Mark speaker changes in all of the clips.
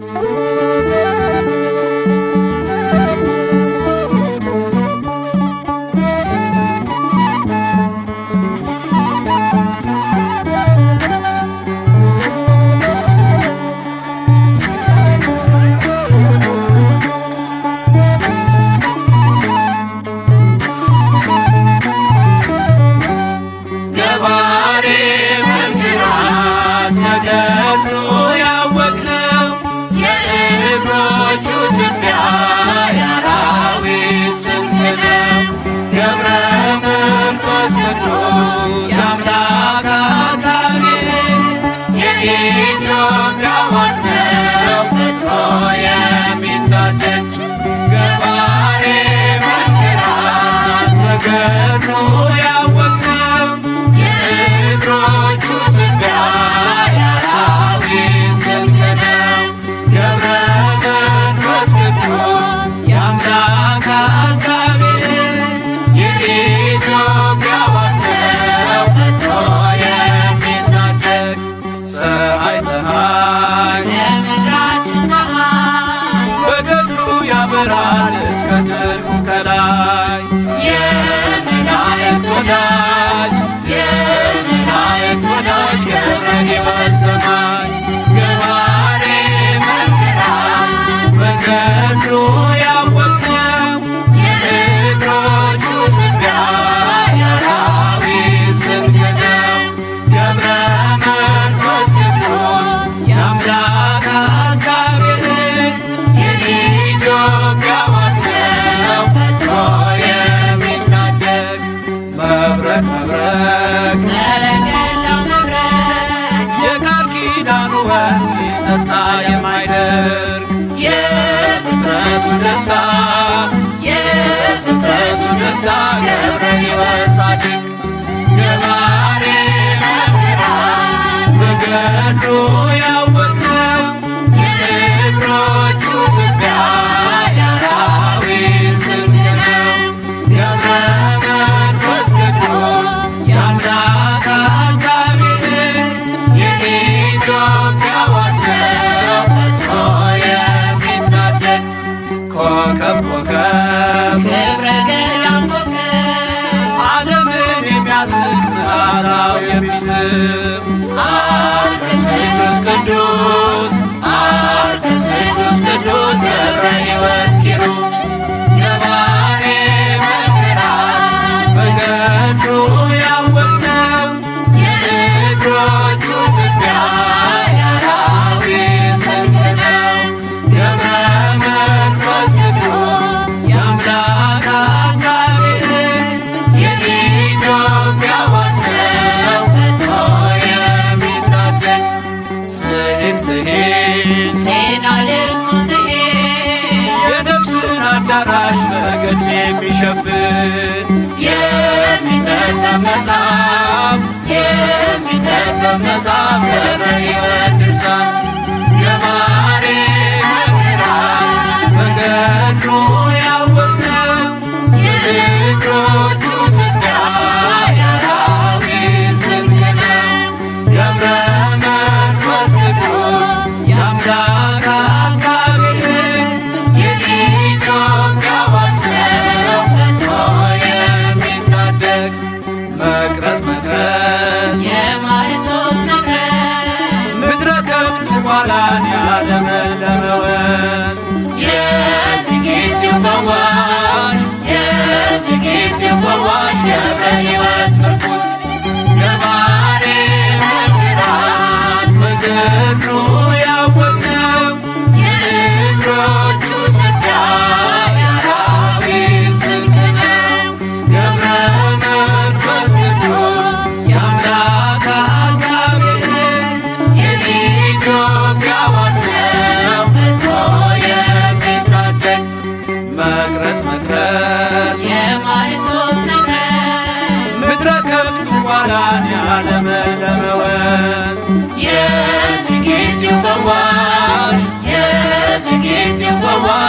Speaker 1: Música Sagrada Unidad. hepsi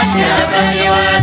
Speaker 1: Watch, never you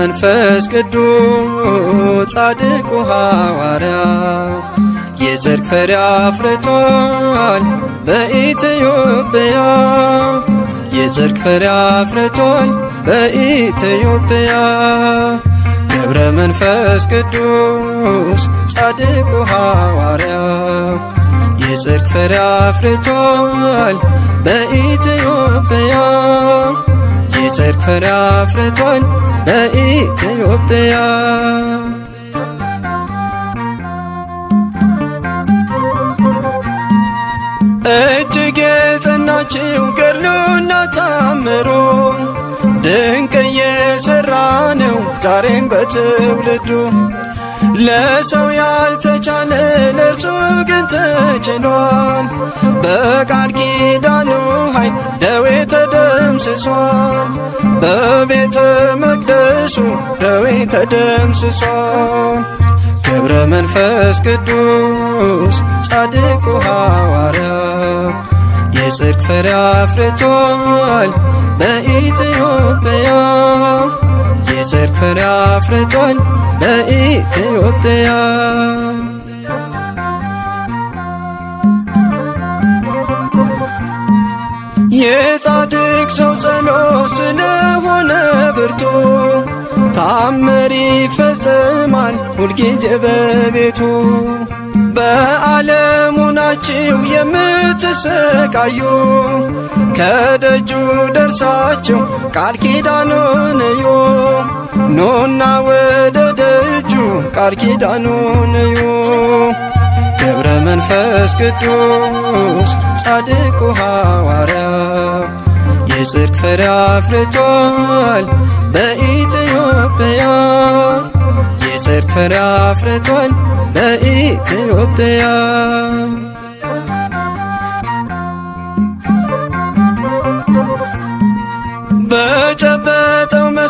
Speaker 1: መንፈስ ቅዱስ ጻድቁ ሐዋርያ የጽድቅ ፍሬ አፍርቷል በኢትዮጵያ የጽድቅ ፍሬ አፍርቷል በኢትዮጵያ ገብረ መንፈስ ቅዱስ ጻድቁ ሐዋርያ የጽድቅ ፍሬ አፍርቷል በኢትዮጵያ የጽድቅ ፍሬ አፍርቷል በኢትዮጵያ። እጅግ የጸናችው ገድሉና ታምሩ ድንቅ እየሰራ ነው ዛሬም በትውልዱ ለሰው ያልተቻለ ለእርሱ ግን ተችሏል። በቃል ኪዳኑ ኃይል ደዌ ተደምስሷል። በቤተ መቅደሱ ደዌ ተደምስሷል። ገብረ መንፈስ ቅዱስ ጻድቁ ሐዋርያ የጽድቅ ፍሬ አፍርቷል በኢትዮጵያ ፍሬ አፍርቷል ለኢትዮጵያ። የጻድቅ ሰው ጸሎት ስለሆነ ብርቱ ታምር ይፈጽማል ሁልጊዜ በቤቱ። በዓለሙ ናችሁ የምትሰቃዩ ከደጁ ደርሳችሁ ቃል ኪዳኑን እዩ። ኖና ወደ ደጁ ቃል ኪዳኑን እዩ። ገብረ መንፈስ ቅዱስ ጻድቁ ሐዋርያ የጽድቅ ፍሬ አፍርቷል በኢትዮጵያ የጽድቅ ፍሬ አፍርቷል በኢትዮጵያ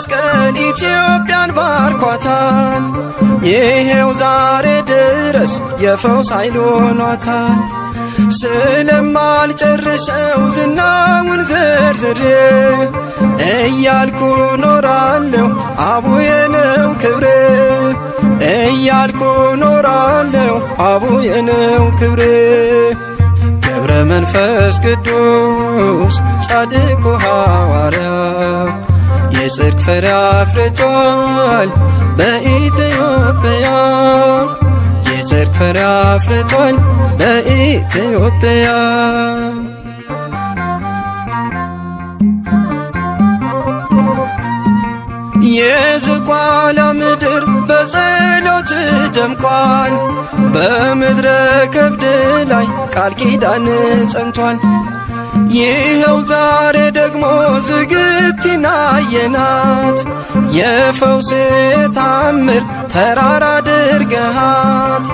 Speaker 1: መስቀል ኢትዮጵያን ባርኳታል። ይሄው ዛሬ ድረስ የፈውስ ኃይል ሆኗታል። ስለማልጨርሰው ዝናውን ዝርዝሬ እያልኩ ኖራለሁ አቡዬ ነው ክብሬ እያልኩ ኖራለሁ አቡዬ ነው ክብሬ ገብረ መንፈስ ቅዱስ ጻድቁ ሐዋርያው የጽድቅ ፍሬ አፍርቷል በኢትዮጵያ የጽድቅ ፍሬ አፍርቷል በኢትዮጵያ የዝቋላ ምድር በጸሎት ደምቋል በምድረ ከብድ ላይ ቃል ኪዳን ጸንቷል ይኸው ዛሬ ደግሞ ዝግቲና የናት የፈውስ ተአምር ተራራ አድርገሃት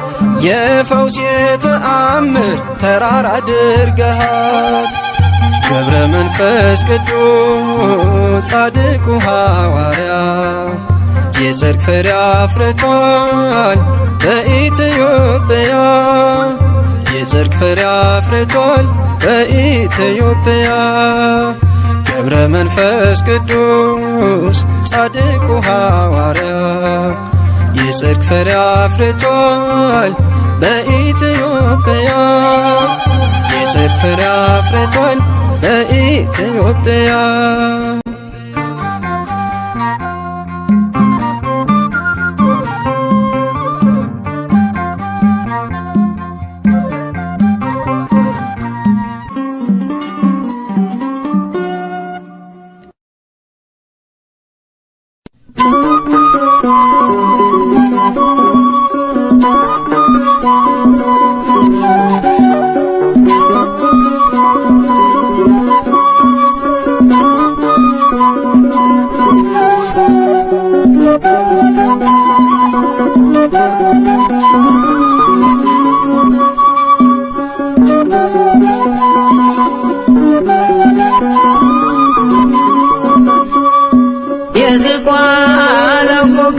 Speaker 1: የፈውስ ተአምር ተራራ አድርገሃት ገብረ መንፈስ ቅዱስ ጻድቁ ሐዋርያ የጽድቅ ፍሬ አፍርቷል በኢትዮጵያ የጽድቅ ፍሬ አፍርቷል በኢትዮጵያ ገብረ መንፈስ ቅዱስ ጻድቁ ሐዋርያ የጽድቅ ፍሬ አፍርቷል በኢትዮጵያ የጽድቅ ፍሬ አፍርቷል በኢትዮጵያ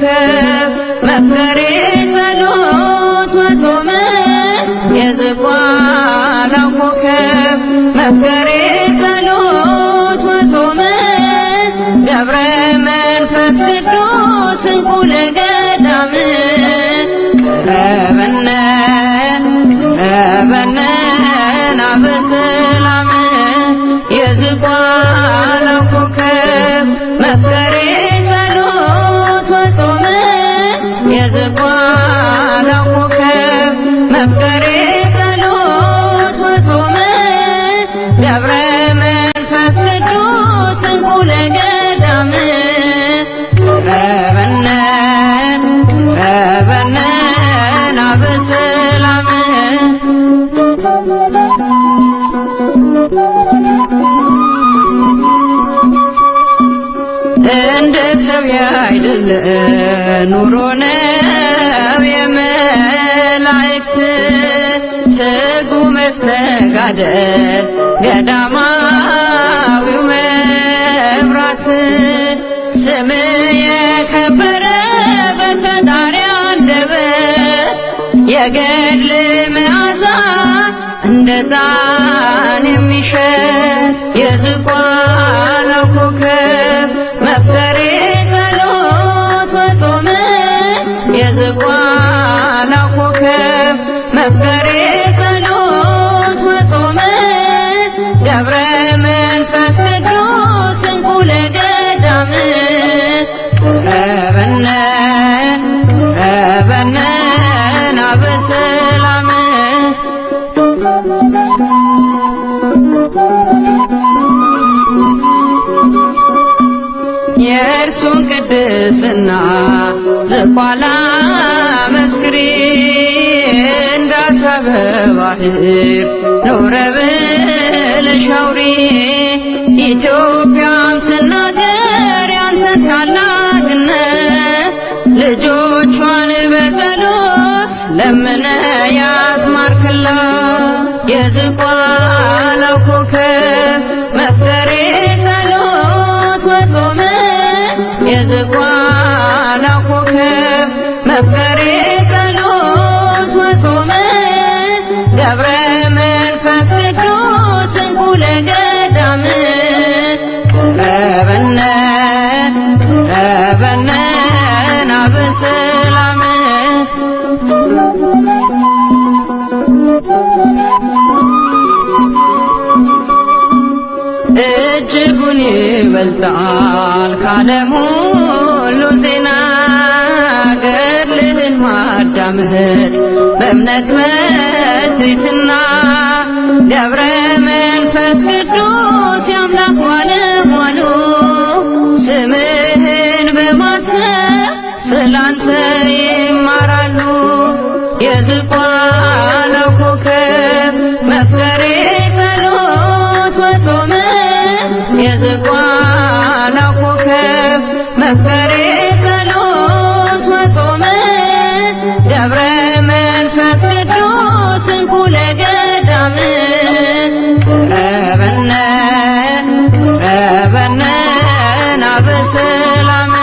Speaker 2: ኮከብ መፍቀሬ ጸሎት ወጾመ ኮከብ መፍቀሬ ሰላምህን እንደ ሰው ያይደለ ኑሮ ነው የመላእክት ትጉ መስተጋደል ገዳማ በገድል መዓዛ እንደ ጣን የሚሸት የዝቋላ ኮከብ መፍቀሬ ጸሎት ወጾመ የዝቋላ ኮከብ መፍቀሬ በሰላም የእርሱን ቅድስና ዝቋላ መስክሪ እንዳሳበ ባህር ኖረ በለሻውሪ ኢትዮጵያም ስናገር ያንተን ታላቅነት ልጆቿን በጸ ለምነ ያስማርክላ የዝቋላው ኮከብ መፍቀሬ ጸሎት ወጾም የዝቋላው ኮከብ መፍቀሬ ሰምተሃል ካለም ሁሉ ዜና ገድልህን ማዳመጥ በእምነት ገብረ መንፈስ ቅዱስ ያምላክ ለገዳም ቀረበነ ቀረበነና በሰላም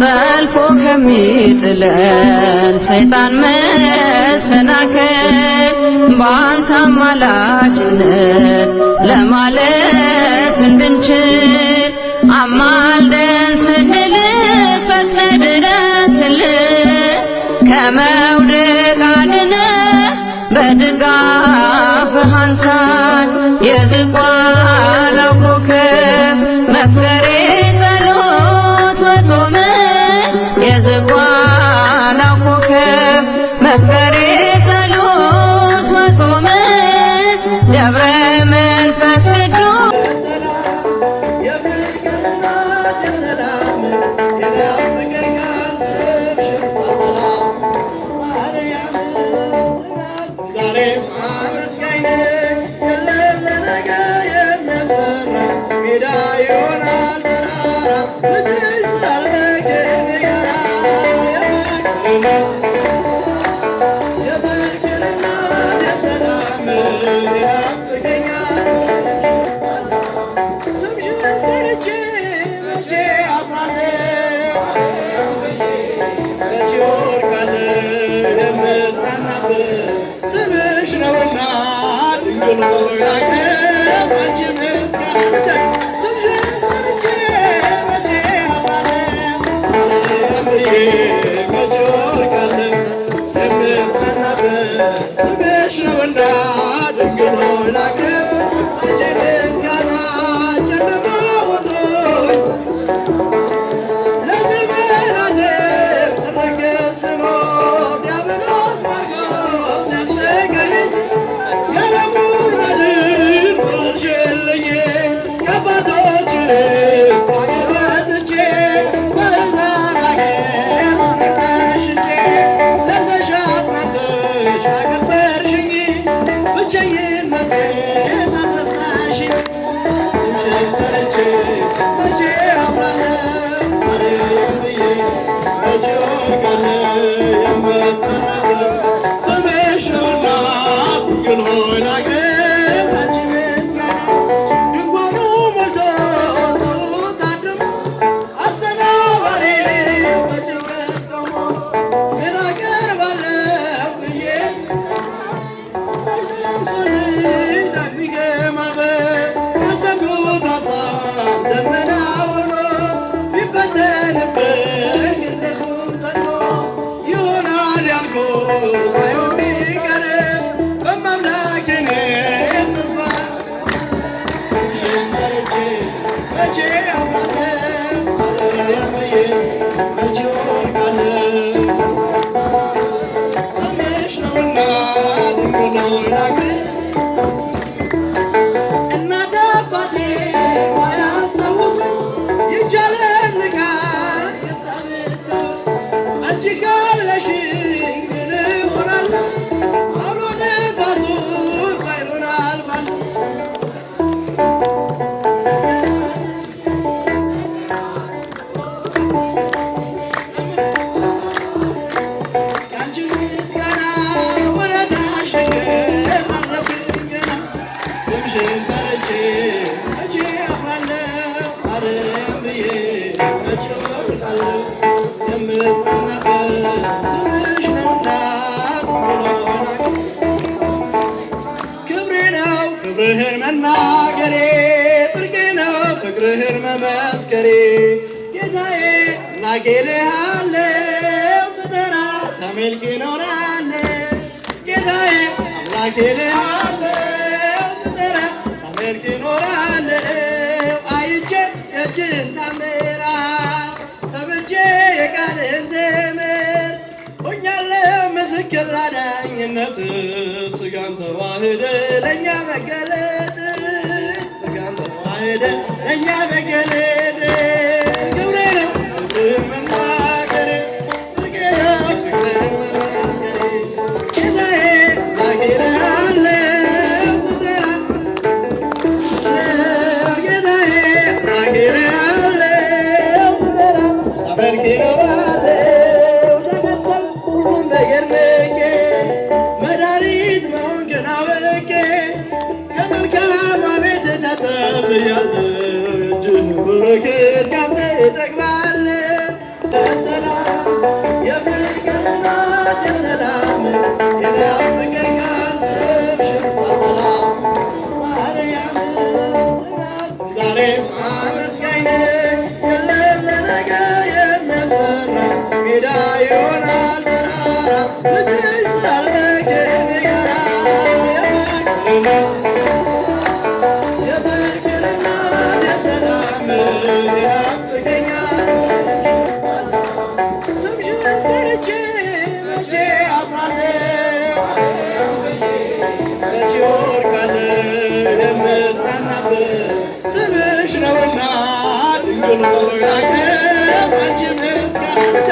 Speaker 2: ጠልፎ ከሚጥለን ሰይጣን መሰናከል በአንተ አማላጅነት ለማለፍ እንድንችል I've got በጽድቅ እኖራለሁ ጌታዬ አምላኬ እልሃለሁ ስጠራ ሳመልክ እኖራለሁ አይቼ የእጅህን ተአምራት ሰምቼ የቃልህን ትምህርት ሆኛለሁ ምስክር ላዳኝነት ስጋን ተዋህደ ለእኛ መገለጥ ስጋን ተዋህደ ለእኛ መገለጥ Let's go.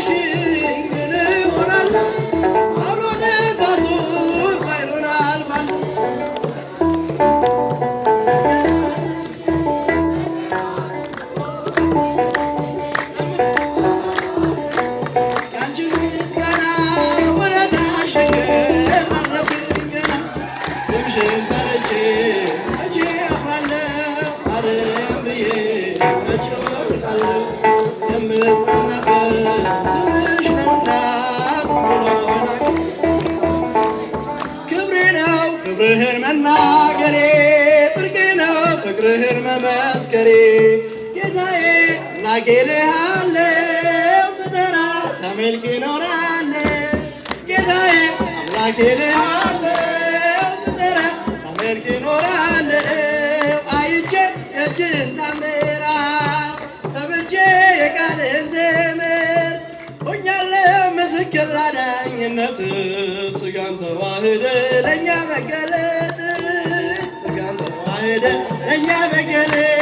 Speaker 2: 心。አምላኬንአለው ስጠራ ሳመልክ እኖራለው ላዳኝነት ስጋን ተዋህደ ለእኛ መገለጥ ስጋን ተዋህደ ለእኛ መገለጥ